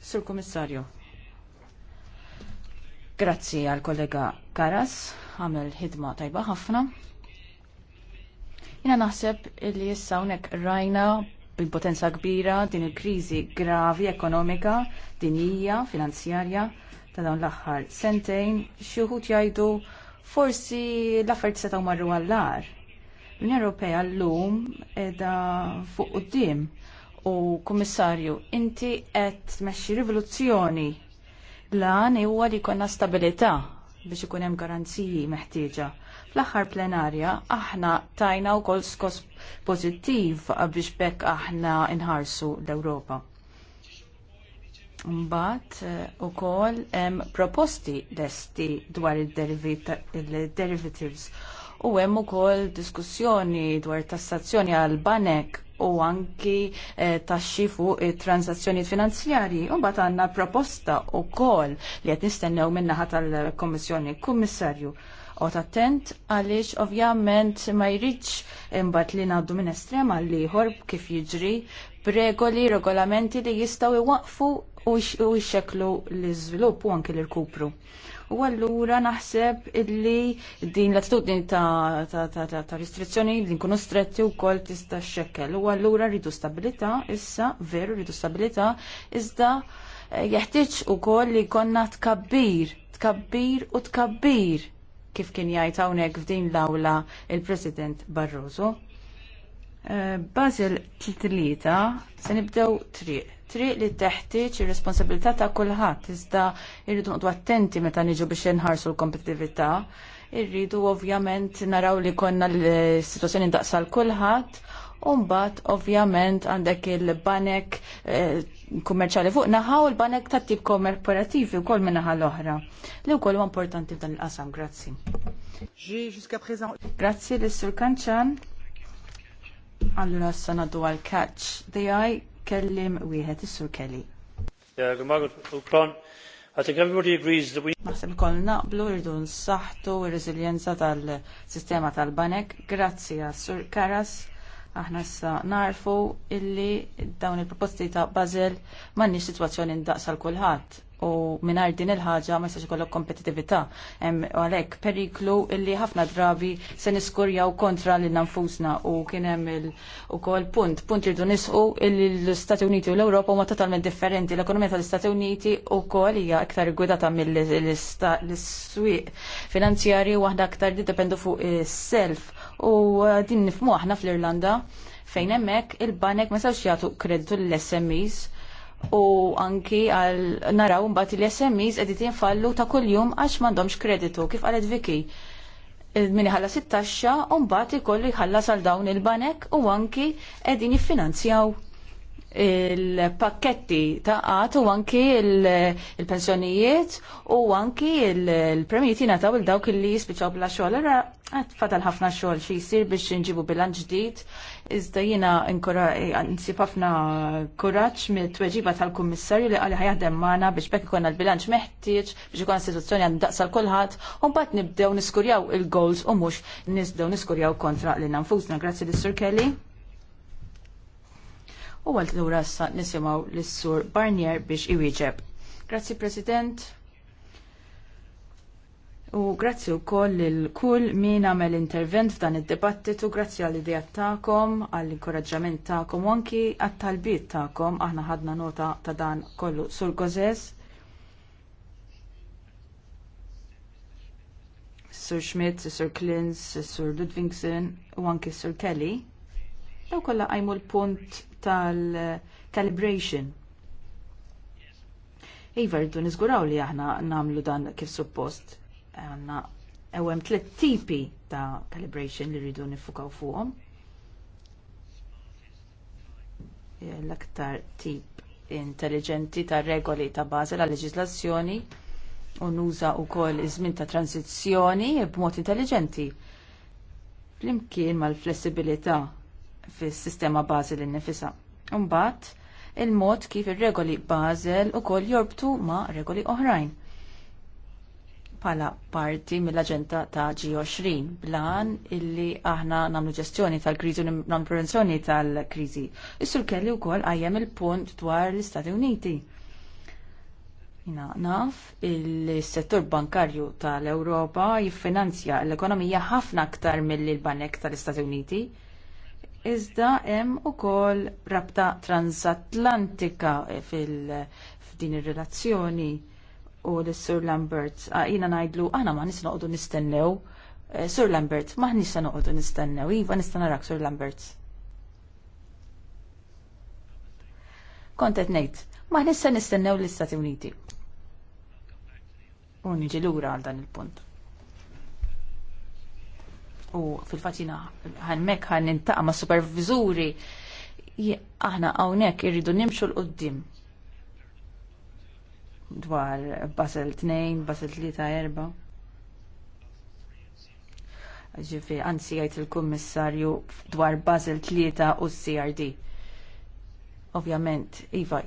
sur Kummissarju. Grazzi għal kollega Karas, għamel ħidma tajba ħafna. Jina naħseb li jissa unek rajna bil-potenza kbira din il-krizi gravi ekonomika, dinija, finanzjarja ta' dawn l-aħħar sentejn, xi wħud jgħidu forsi l-affarijiet setgħu marru għall L-Unjoni Ewropea llum edha fuq quddiem u Kommissarju inti qed tmexxi rivoluzzjoni plan huwa li jkollna stabilità biex ikun hemm garanziji meħtieġa. Fl-aħħar plenarja aħna tajna wkoll skos pożittiv biex bekk aħna inħarsu l-Ewropa. Mbagħad eh, ukoll hemm proposti lesti dwar il-derivatives u hemm ukoll diskussjoni dwar tassazzjoni għal banek u anki eh, taxxi fuq it-transazzjoni finanzjarji. U mbagħad għandna proposta wkoll li qed nistennew min-naħa tal komissjoni Kummissarju. Ot attent għaliex ovvjament ma jridx imbagħad li ngħaddu minn estrema għal ieħor kif jiġri pregoli regolamenti li jistgħu iwaqfu u jxeklu l-iżvilupp u anke l-irkupru. U allura naħseb illi din l-attitudni ta', ta, ta, ta, ta ristrizzjoni li nkunu stretti u kol tista' xekkel. U allura rridu stabilita, issa veru rridu stabilità, iżda eh, jeħtieġ ukoll li konna tkabbir, tkabbir u tkabbir kif kien jgħid hawnhekk f'din l-awla il-President Barroso. Eh, Basil tlieta se nibdew triq. Triq li teħtieġ ir-responsabilità ta' kulħadd iżda irridu noqgħdu attenti meta niġu biex inħarsu l-kompetitività. Irridu ovvjament naraw li konna l-sitwazzjoni daqsa l kulħadd u mbagħad ovvjament għandek il-banek eh, kummerċali fuq naħaw il-banek ta' tip korporativi u kol minnaħa l-oħra. Li u kol importanti dan il-qasam, grazzi. Grazzi l sur Kanċan. Allura s-sanadu għal-kaċ. Dijaj kellim wieħed is-sur kelli. I think everybody agrees that we... Naħseb kol naqblu rridu nsaħħtu r-reżiljenza tal-sistema tal-banek. Grazzi għas-sur Karas Aħna issa narfu illi dawn il-proposti ta' Basel m'għandniex sitwazzjoni ndaqsa l kulħadd u mingħajr din il-ħaġa ma jistax ikollok kompetitività. Hemm għalhekk periklu illi ħafna drabi se niskurjaw kontra lil nanfusna u kien hemm ukoll punt, punt irdu nisqu illi l-Istati Uniti u l-Ewropa huma totalment differenti. L-ekonomija tal-Istati Uniti ukoll hija aktar gwidata mill-swieq finanzjari waħda aktar dipendu fuq is-self u uh, din nifmu aħna fl-Irlanda fejn hemmhekk il-banek ma sewx jagħtu kreditu lill-SMEs u anki għal naraw mbagħad il-SMEs qegħdin jinfallu ta' kuljum għax m'għandhomx kreditu kif qalet Viki. Min ħallas it-taxxa u mbagħad ikollu jħallas għal dawn il-banek u anki qegħdin jiffinanzjaw il-pakketti ta' għat u anki il-pensjonijiet u anki il premijiet jina ta' il-dawk il-li jispiċaw bla xogħol. Ara għat fatal ħafna xogħol xi jsir biex nġibu bilanċ ġdid. Iżda jina nsib ħafna kuraġġ mit-tweġiba tal-kummissarju li għali ħajaħdem maħna biex bekk ikon l-bilanċ meħtieġ biex ikun istituzzjoni għandu daqsal kulħadd u mbagħad nibdew niskurjaw il-goals u mhux nisdew niskurjaw kontra li nanfusna. Grazzi lis Sir Kelly u għal lura issa nisimgħu lis-sur Barnier biex iwieġeb. Grazzi President. U grazzi u koll l kull min għamel intervent f'dan id-debattitu, grazzi għall idea ta'kom, għall inkoraġġament ta'kom, u anki għat-talbiet ta'kom, aħna ħadna nota ta' dan kollu sur gozes. Sur Schmidt, Sur Klins, Sur Ludvingsen u anki Sur Kelly. Daw kollha għajmu l-punt tal-calibration. Iva, rridu nizguraw li aħna namlu dan kif suppost. Għanna ewem tlet tipi ta' calibration li rridu nifukaw fuqom. L-aktar tip intelligenti ta' regoli ta' baza la' leġislazzjoni u nuża u koll iż-żmien ta' tranzizzjoni b'mod intelligenti flimkien mal-flessibilità fis-sistema Basel innifisa. Imbagħad il-mod kif ir-regoli Basel ukoll jorbtu ma' regoli oħrajn pala parti mill-aġenda ta' G20 blan illi aħna namlu ġestjoni tal-kriżi u namlu prevenzjoni tal-kriżi. is kelli u wkoll għajjem il-punt dwar l-Istati Uniti. Jina naf il-settur bankarju tal-Ewropa jiffinanzja l-ekonomija ħafna aktar mill-banek tal-Istati Uniti iżda hemm ukoll rabta transatlantika fil-din ir-relazzjoni u l-Sur Lambert. Ah, jina ngħidlu aħna ma noqogħdu nistennew. Eh, Sur Lambert, ma nista noqogħdu nistennew. Iva nista narak Sur Lambert. Kontet ngħid, ma nista nistennew l-Istati Uniti. U niġi lura għal dan il-punt u fil-fatina ħanmek ħan nintaqa ma' supervizuri aħna hawnhekk irridu nimxu l-qoddim dwar Basel 2, Basel 3, 4. Ġifi, anzi għajt il-kummissarju dwar Basel 3 u CRD. Ovvjament, Iva,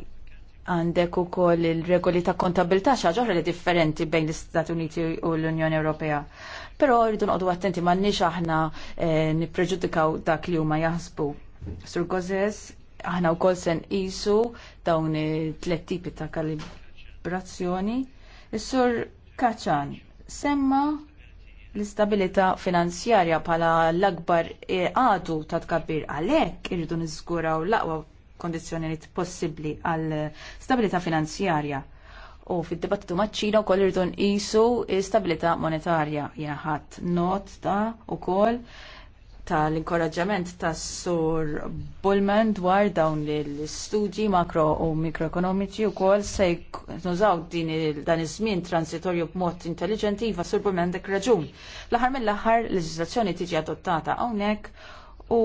għandek u koll il-regoli ta' kontabilta xaġoħra li differenti bejn l-Istat Uniti u l-Unjoni Ewropea. Però rridu noqogħdu attenti m'għandniex aħna eh, nippreġudikaw dak li huma jaħsbu. Sur Gozes, aħna wkoll se nqisu dawn tliet tipi ta' kalibrazzjoni. Is-sur Kaċan semma l-istabilità finanzjarja bħala l-akbar għadu ta' tkabbir għalhekk irridu niżguraw l-aqwa kondizjoniet possibbli għal stabilità finanzjarja u fid-dibattitu maċċina u koll irdu nqisu stabilità monetarja jiena ħadd not ta' ukoll tal-inkoraġġament tas sur Bullman dwar dawn l-studji makro u mikroekonomiċi wkoll se nużaw din dan iż-żmien transitorju b'mod intelligenti iva sur Bullman dek raġun. L-aħħar mill-aħħar leġiżlazzjoni tiġi adottata hawnhekk u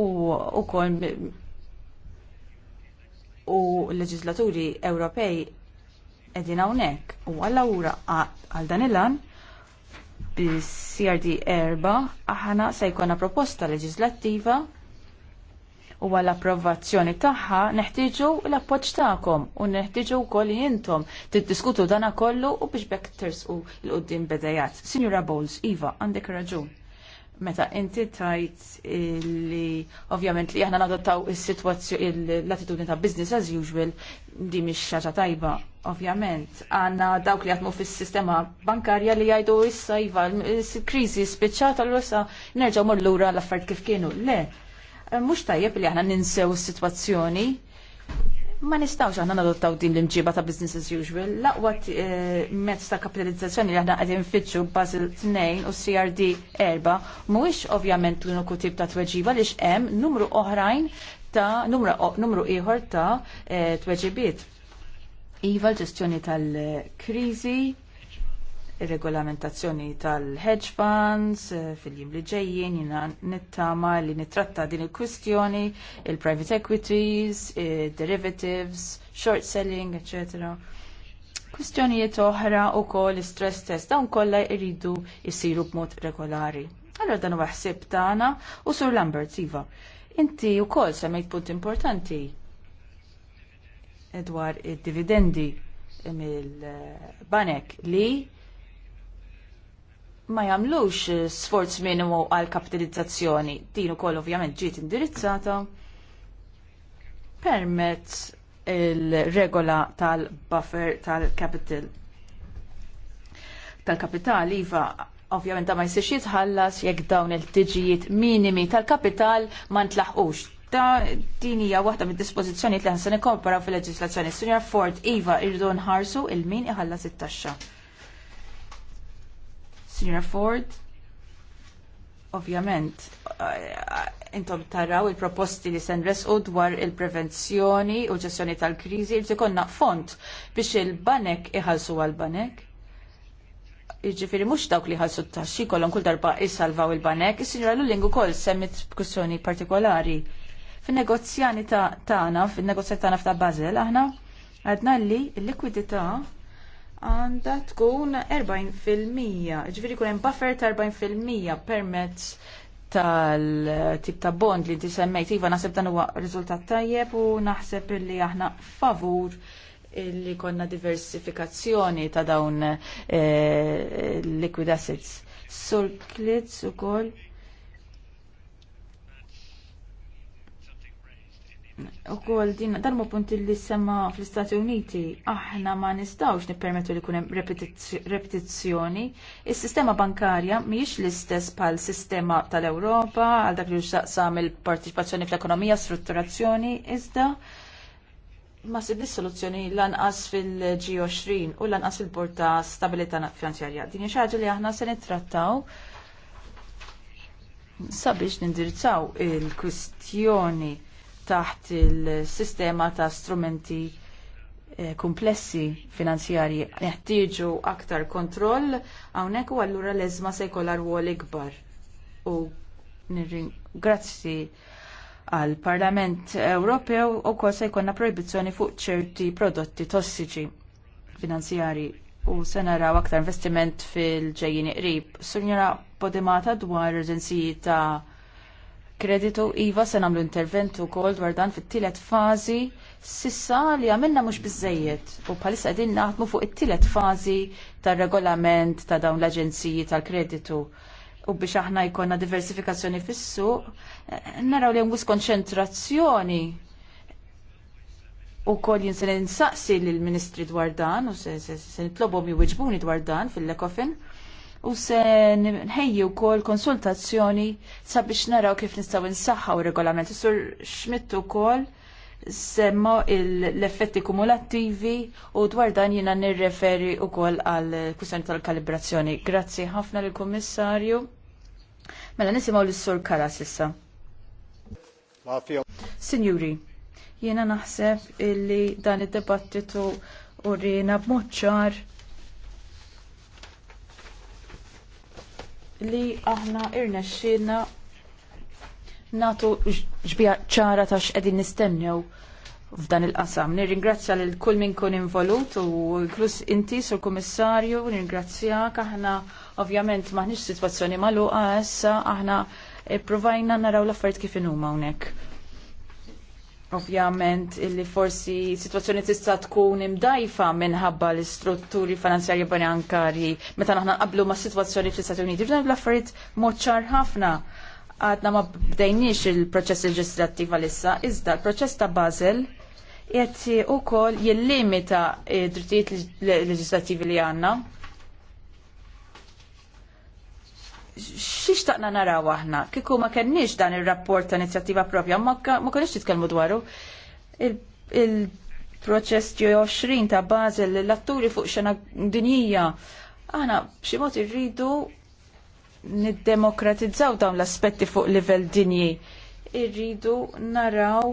ukoll u l leġislaturi Ewropej edin hawnhekk u għalla ura għal dan il-an bis-CRD erba aħna se jkollna proposta leġislattiva u għall approvazzjoni tagħha neħtieġu l-appoġġ tagħkom u neħtieġu wkoll intom tiddiskutu dana kollu u biex bekk tersqu l-qudiem bedejat. Signora Bowles, Iva, għandek raġun meta inti tajt li ovvjament li aħna nadottaw is-sitwazzjoni l-attitudni ta' business as usual di mhix xaġa tajba. Ovvjament għandna dawk li jaħdmu fis-sistema bankarja li jgħidu issa jiva l-kriżi speċata l issa nerġaw mollura lura l-affarijiet kif kienu. Le, mhux tajjeb li aħna ninsew s sitwazzjoni Ma nistawx aħna nadottaw din l-imġiba ta' business as usual. L'aqwa eh, mezz ta' kapitalizzazzjoni li aħna qegħdin fitxu Basel 2 u CRD 4 mhuwiex ovvjament l-uniku tip ta' tweġiba li hemm numru oħrajn ta' numru ieħor ta' eh, tweġibiet. Iva l-ġestjoni tal-kriżi, regolamentazzjoni tal-hedge funds eh, fil-jim li ġejjin jina nittama li nitratta din il-kwistjoni, il-private equities, eh, derivatives, short selling, etc. Kwistjonijiet oħra u kol stress test dawn kollha jridu jisiru b'mod regolari. Allora dan huwa tagħna u Sur Lambert iva. Inti wkoll semmejt punt importanti dwar id-dividendi mill-banek li ma jagħmlux eh, sforz minimu għal kapitalizzazzjoni. Din ukoll ovvjament ġiet indirizzata permezz il-regola tal-buffer tal-capital. Tal-kapital iva ovvjament ma jsirx jitħallas jekk dawn il-tiġijiet minimi tal-kapital ma ntlaħqux. Ta' din hija waħda mid-dispożizzjonijiet li ħansa nikkomparaw fil-leġislazzjoni. Sinjor Ford, iva irridu nħarsu il-min iħallas it-taxxa. Signora Ford, ovvjament, eh, intom taraw il-proposti li sen u dwar il-prevenzjoni u ġestjoni tal-krizi, li konna font biex il-banek iħalsu għal-banek. Iġifiri mux dawk li ħalsu t-taxxi kollon kull darba jissalvaw il-banek, il-sinjura l-lingu kol semmit kussjoni partikolari. Fin-negozjani ta' tana, fin-negozjani tana ta' bazel, aħna għadna li l-likwidità għanda tkun 40%, ġifieri jkun hemm buffer ta' 40% permets tal-tip ta' bond li disemmejt, iva naħseb dan huwa riżultat tajjeb u naħseb li aħna favur li konna diversifikazzjoni ta' dawn eh, liquid assets. Sur klitz ukoll U kol din, dan ma punti li semma fl-Istati Uniti, aħna ma nistawx nippermettu li kunem repetizzjoni. Il-sistema bankarja miex l-istess pal sistema tal-Europa, għal dak li xaqsam il-partiċipazzjoni fl-ekonomija, strutturazzjoni, iżda ma sibli soluzzjoni lanqas fil-G20 u lanqas fil-Bord ta' Stabilità Finanzjarja. Din xaġa li aħna se nittrattaw sabiex nindirizzaw il-kwistjoni taħt il-sistema ta' strumenti eh, komplessi finanzjarji neħtieġu aktar kontroll hawnhekk u allura l-eżma se jkollha rwol ikbar. U grazzi għal Parlament Ewropew ukoll se jkollna proibizzjoni fuq ċerti prodotti tossiċi finanzjarji u se naraw aktar investiment fil-ġejjin qrib. Sunjara Podimata dwar reżenzijiet ta' kreditu iva se nagħmlu interventu kol dwar dan fit-tielet fażi sissa li għamilna mhux biżejjed u bħalissa qegħdin naħdmu fuq it-tielet fażi tar-regolament ta' dawn l-aġenziji tal-kreditu u biex aħna jkollna diversifikazzjoni fis-suq, eh, naraw li hemm konċentrazzjoni u kol jinsen insaqsi lill ministri dwar dan u se nitlobhom juwiġbuni dwar dan fil-lekofin u se nħejju kol konsultazzjoni sabiex naraw kif nistaw nsaħħaw regolament. Sur xmittu kol semmo l-effetti kumulattivi u dwar dan jina nirreferi u kol għal kustjoni tal-kalibrazzjoni. Grazzi ħafna l-Kommissarju. Mela nisimaw l-Sur Kara sissa. Signori, jena naħseb illi dan id-debattitu u rina b'moċċar li aħna irnexxina natu ġbija ċara ta' x'qegħdin nistennew f'dan il-qasam. Nirringrazzja lil kull min kun involut u inkluż inti sur kummissarju, nirringrazzjak aħna ovvjament maħniex sitwazzjoni magħluqa issa aħna eh, provajna naraw l-affarijiet kif inhuma hawnhekk. Ovvjament illi forsi situazzjoni tista' tkun imdajfa minħabba l-istrutturi finanzjarji bankarji meta naħna qablu ma' situazzjoni fl-Istati Uniti. F'dan l-affarijiet moċċar ħafna. Għadna ma bdejniex il-proċess leġislattiv għalissa, iżda l-proċess ta' Basel qed ukoll jillimita d drittijiet leġislattivi li għandna xixtaqna naraw aħna, kiku ma kenniex dan il-rapport ta' inizjattiva propja, ma kenniex titkelmu dwaru. Il-proċess il 20 ta' Basel, l-atturi fuq xena dinjija, aħna bximot irridu niddemokratizzaw dawn l-aspetti fuq livell dinji. Irridu naraw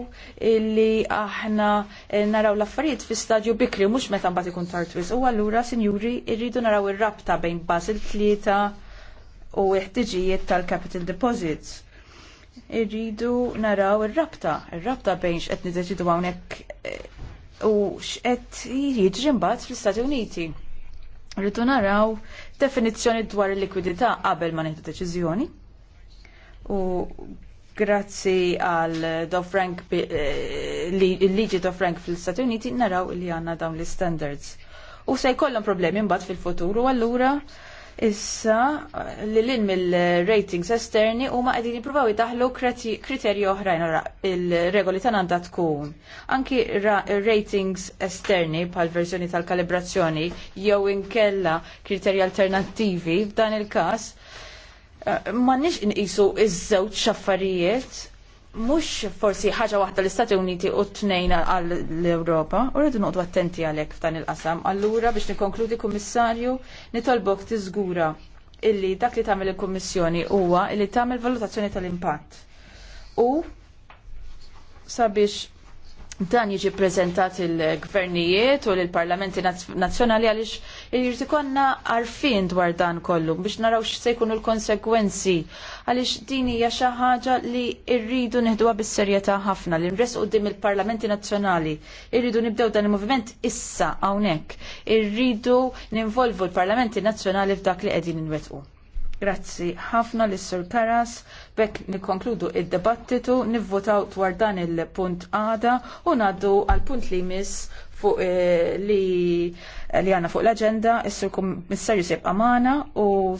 illi aħna eh, naraw l-affarijiet fi stadju bikri, mux metan bat ikun tartwis. U għallura, sinjuri, irridu naraw il-rabta bejn Basel 3 u ħtiġijiet tal-capital deposits. Irridu naraw ir-rabta, ir-rabta bejn x'qed nideċidu hawnhekk eh, u x'qed jiġri mbagħad fl-Istati Uniti. Rridu naraw definizzjoni dwar il-likwidità qabel ma nieħdu deċiżjoni. U grazzi għal Do frank eh, il-liġi Do frank fl-Istati Uniti naraw li għandna dawn l-standards. U se jkollhom problemi mbagħad fil-futur u allura issa li l-in mill-ratings esterni u ma għedin jipruvaw jitaħlu kriterji oħrajn il-regoli tan għanda tkun. Anki ratings esterni pal verżjoni tal-kalibrazzjoni jew inkella kriterji alternativi f'dan il-kas eh, ma nix inqisu iż-żewġ xaffarijiet mux forsi ħaġa waħda l-Istati Uniti u t-tnejn għall-Europa, u rridu noqdu attenti għalek f'dan il-qasam. Allura biex nikonkludi kummissarju, nitolbok tiżgura illi dak li tagħmel il-Kummissjoni huwa illi tagħmel valutazzjoni tal-impatt. U sabiex dan jiġi prezentat il-gvernijiet u l-parlamenti nazzjonali għaliex Irrid ikonna għarfien dwar dan kollu biex naraw x'se jkunu l-konsekwenzi għaliex din hija xi ħaġa li rridu neħduha bis-serjetà ħafna li nres qudiem il-Parlamenti Nazzjonali. Irridu nibdew dan il-moviment issa hawnhekk. Irridu ninvolvu l-Parlamenti Nazzjonali f'dak li qegħdin inwettqu. Grazzi ħafna l sur Karas, bekk nikkonkludu id-debattitu, nivvotaw dwar dan il-punt għada u naddu għal punt li jmiss fuq eh, li li għanna fuq l-agenda, s-sur jisib għamana u